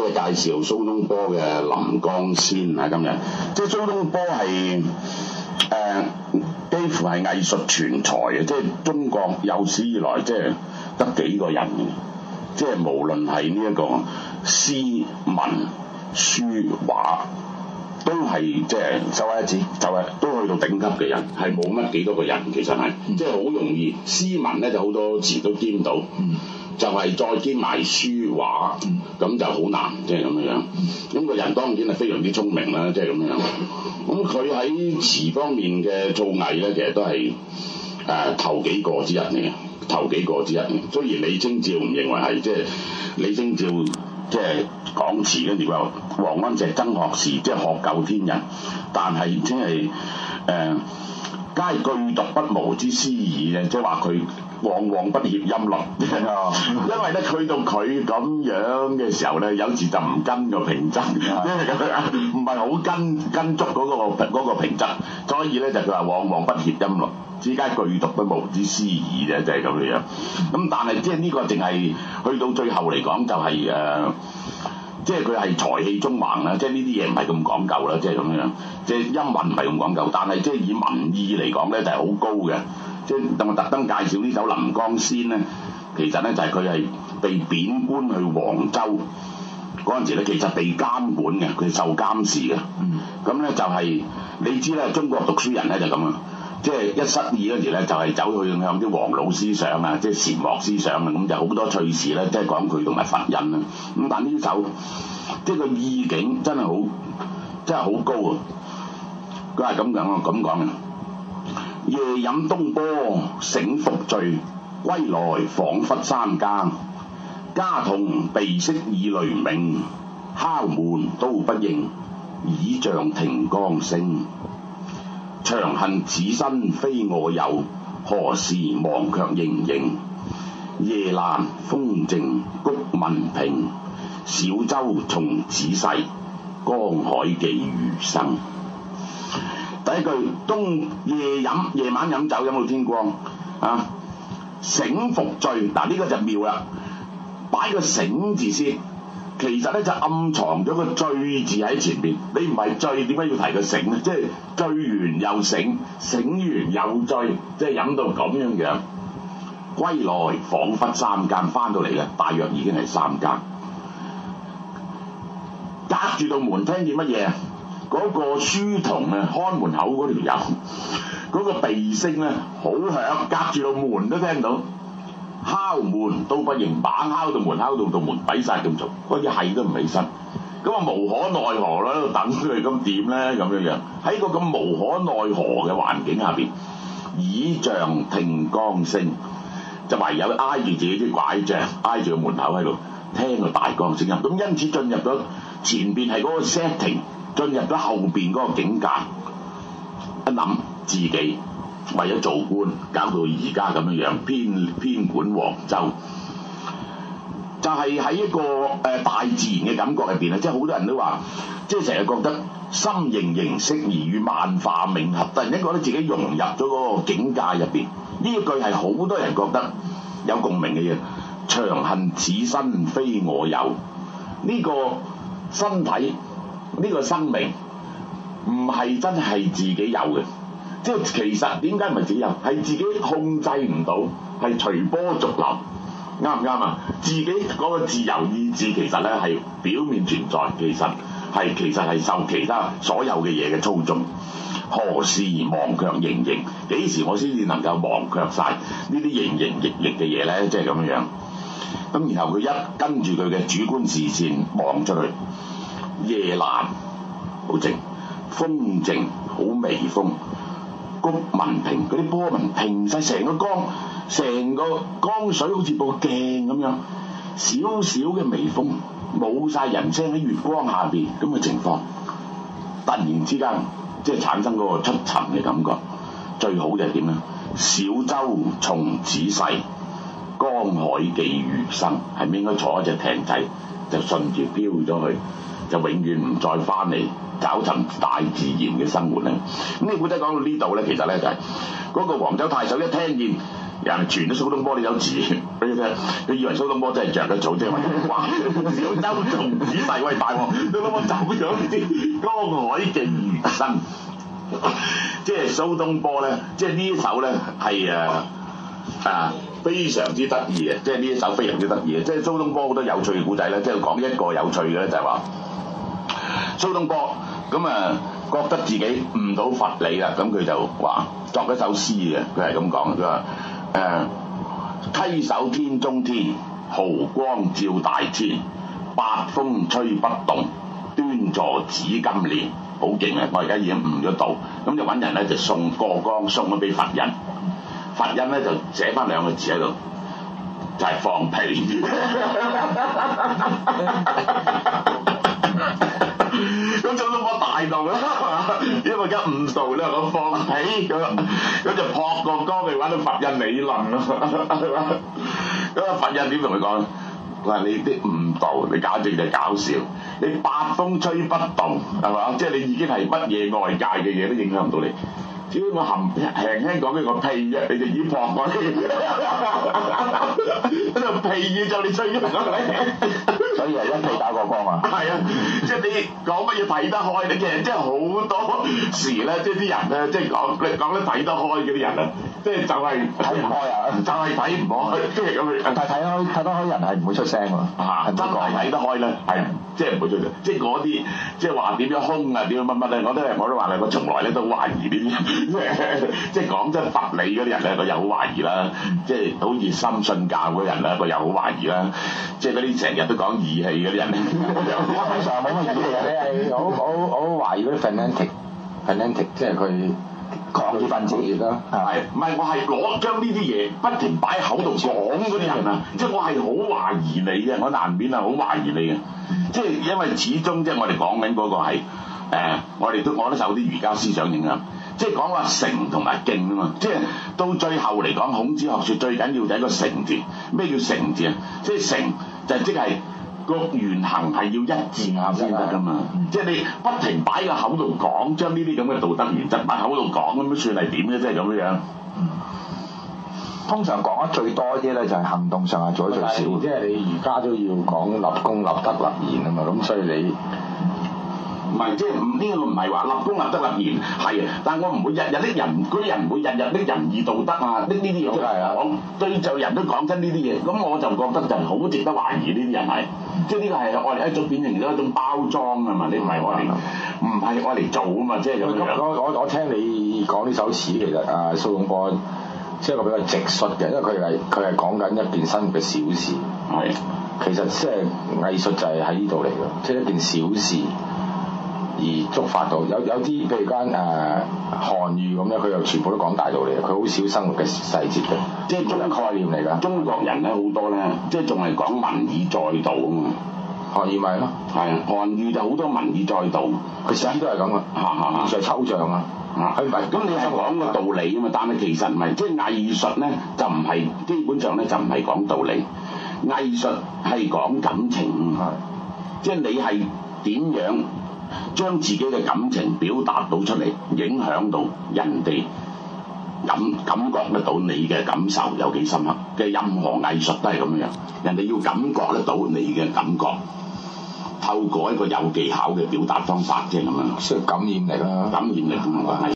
即係介紹蘇東坡嘅臨江仙啊！今日即係蘇東坡係誒幾乎係藝術全才啊！即係中國有史以來即係得幾個人，即係無論係呢一個詩文書畫都係即係首屈一指，就係都去到頂級嘅人，係冇乜幾多個人，其實係即係好容易詩文咧就好多字都兼到，嗯就係再兼埋書。話咁、嗯、就好難，即係咁樣樣。咁、那個人當然係非常之聰明啦，即係咁樣樣。咁佢喺詞方面嘅造詣咧，其實都係誒頭幾個之一嚟嘅，頭幾個之一嘅。雖然李清照唔認為係，即、就、係、是、李清照即係講詞，跟住話王安石、曾學士即係、就是、學究天人，但係即係誒皆句讀不葺之詩爾嘅，即係話佢。往往不協音樂， 因為咧去到佢咁樣嘅時候咧，有時就唔跟個平仄，唔係好跟跟足嗰、嗰個嗰個平仄。所以咧就佢話往往不協音樂之間句讀都無之詩義啫，就係咁嘅樣。咁但係即係呢個淨係去到最後嚟講就係、是、誒，即係佢係才氣縱橫啦，即係呢啲嘢唔係咁講究啦，即係咁樣，即、就、係、是、音韻唔係咁講究，但係即係以文意嚟講咧就係好高嘅。即係咁，我特登介紹呢首《臨江仙》咧，其實咧就係佢係被貶官去黃州嗰陣時咧，其實被監管嘅，佢受監視嘅。嗯。咁咧就係、是、你知咧，中國讀書人咧就咁啊，即、就、係、是、一失意嗰陣時咧，就係走去向啲黃老思想啊，即係禪學思想啊，咁就好、是、多趣事咧，即係講佢同埋佛印啦。咁但呢首即係個意境真係好，真係好高啊！佢係咁樣啊，咁講啊。夜飲東坡醒復醉，歸來恍惚三更。家童鼻息已雷鳴，敲門都不應。倚杖聽江聲，長恨此身非我有，何時忘卻營營？夜闌風靜縠紋平，小舟從此逝，江海寄餘生。一句東夜飲，夜晚飲酒飲到天光啊！醒復醉，嗱、啊、呢、呢個就妙啦。擺個醒字先，其實咧就暗藏咗個醉字喺前面。你唔係醉，點解要提個醒咧？即係醉完又醒，醒完又醉，即係飲到咁樣樣。歸來彷彿三更，翻到嚟咧，大約已經係三更。隔住道門，聽見乜嘢？嗰個書童啊，看門口嗰條友，嗰個鼻聲咧好響，隔住道門都聽到，敲門都不應，猛敲到門，敲到道門抵晒咁嘈，嗰啲係都唔起身。咁啊，無可奈何啦，喺度等佢，咁點咧咁樣樣？喺個咁無可奈何嘅環境下邊，倚杖聽江聲，就唯有挨住自己啲拐杖，挨住個門口喺度聽個大江聲音。咁因此進入咗前邊係嗰個 setting。進入咗後邊嗰個境界，一諗自己為咗做官，搞到而家咁樣樣，偏偏管黃州，就係、是、喺一個誒、呃、大自然嘅感覺入邊啊！即係好多人都話，即係成日覺得心形形適而與萬化冥合，突然間覺得自己融入咗嗰個境界入邊。呢一句係好多人覺得有共鳴嘅嘢。長恨此身非我有，呢、這個身體。呢個生命唔係真係自己有嘅，即係其實點解唔係自己有？係自己控制唔到，係隨波逐流，啱唔啱啊？自己嗰個自由意志其實咧係表面存在，其實係其實係受其他所有嘅嘢嘅操縱。何時忘卻營營？幾時我先至能夠忘卻晒呢啲營營役役嘅嘢咧？即係咁樣樣。咁然後佢一跟住佢嘅主觀視線望出去。夜闌，好靜，風靜，好微風，縠紋平，嗰啲波紋平晒成個江，成個江水好似部鏡咁樣，少少嘅微風，冇晒人聲喺月光下邊，咁嘅情況，突然之間即係產生嗰個出塵嘅感覺，最好就係點咧？小舟從此逝，江海寄餘生，係咪應該坐一隻艇仔，就順住漂咗去？就永遠唔再翻嚟找尋大自然嘅生活咧。咁呢古仔講到呢度咧，其實咧就係、是、嗰個黃州太守一聽見人傳咗蘇東坡呢首詞俾你聽，佢以為蘇東坡真係着得草，即係話小舟從此逝，喂，大王，你諗我走咗，江海寄餘生。即係蘇東坡咧，即、就、係、是、呢一首咧係誒啊，啊非常之得意嘅。即係呢一首非常之得意嘅，即、就、係、是、蘇東坡好多有趣嘅古仔咧，即、就、係、是、講一個有趣嘅咧就係話。蘇東坡咁啊，覺得自己悟到佛理啦，咁佢就話作咗首詩嘅，佢係咁講，佢話誒，稽、呃、首天中天，毫光照大天，八風吹不動，端坐紫金蓮，好勁啊！我而家已經悟咗道。」咁就揾人咧就送過江，送咗俾佛印，佛印咧就寫翻兩個字喺度，就係、是、放屁。 被動啦，因為而家誤導咧，佢放屁咁，咁就扑個光，佢玩到佛印理論咯，係嘛？咁啊佛印點同佢講？佢話你啲誤導，你簡直就搞笑，你八風吹不動，係嘛？即係你已經係乜嘢外界嘅嘢都影響唔到你。只要我含輕輕講緊個屁啫，你就已經破我添。嗰啲 屁嘢就你吹咗，講 所以啊，一屁打過光啊。係啊，即係你講乜嘢睇得開你其實，真係好多時咧，即係啲人咧，即係講你講得睇得開嘅啲人咧。即係就係睇唔開啊！就係睇唔開，即係咁樣。但係睇開，睇得開人係唔會出聲㗎嘛。嚇、啊，不過睇得開咧，係即係唔會出聲。即係嗰啲即係話點樣空啊，點樣乜乜咧，我都係我都話啦，我從來咧都懷疑啲人，即係講真法理嗰啲人咧，我又好懷疑啦。即係好熱心信教嗰啲人咧，我又好懷疑啦。即係嗰啲成日都講義氣嗰啲人。我通、就是就是、常冇乜義氣，我係好好好懷疑嗰啲 fanatic fanatic 即係佢。抗日分子而家係唔係？我係攞將呢啲嘢不停擺喺口度講嗰啲人啊！人即係我係好懷疑你嘅，我難免係好懷疑你嘅。即係因為始終即係我哋講緊嗰個係誒，我哋都我都受啲儒家思想影響，即係講話誠同埋敬啊嘛！即係到最後嚟講，孔子學説最緊要就係個誠字。咩叫誠字啊？即係誠就係即係。就係六元行係要一致眼先得噶嘛。嗯、即係你不停擺個口度講，將呢啲咁嘅道德原則擺口度講，咁樣算係點咧？即係咁樣。通常講得最多一啲咧，就係行動上係做得最少。的即係你而家都要講立功立德立言啊嘛，咁所以你。唔係，即係唔呢個唔係話立功立德立言係，但係我唔會日日啲人，嗰啲人唔會日日啲仁義道德啊，啲呢啲嘢。係啊、就是，我對就人都講真呢啲嘢，咁我就覺得就係好值得懷疑呢啲人係，即係呢個係愛嚟一種典型，一種包裝啊嘛。你唔係愛嚟，唔係愛嚟做啊嘛。即、就、係、是、我我我聽你講呢首詞，其實阿、啊、蘇永波即係個比較直率嘅，因為佢係佢係講緊一件生活嘅小事。係的，其實即係藝術就係喺呢度嚟嘅，即、就、係、是、一件小事。而觸發到有有啲譬如間誒韓愈咁咧，佢又全部都講大道理，佢好少生活嘅細節嘅，即係中概念嚟㗎。中國人咧好多咧，即係仲係講文以載道啊嘛，韓愈咪咯，係啊，韓愈就好多文以載道，佢寫都係咁啊，嚇嚇嚇，就抽象啊，嚇，咁你就講個道理啊嘛，但係其實唔係，即係藝術咧就唔係，基本上咧就唔係講道理，藝術係講感情，係，即係你係點樣？將自己嘅感情表達到出嚟，影響到人哋感感覺得到你嘅感受有幾深刻嘅。任何藝術都係咁樣，人哋要感覺得到你嘅感覺，透過一個有技巧嘅表達方法啫咁樣，即係感染力啦、啊，感染力咁樣。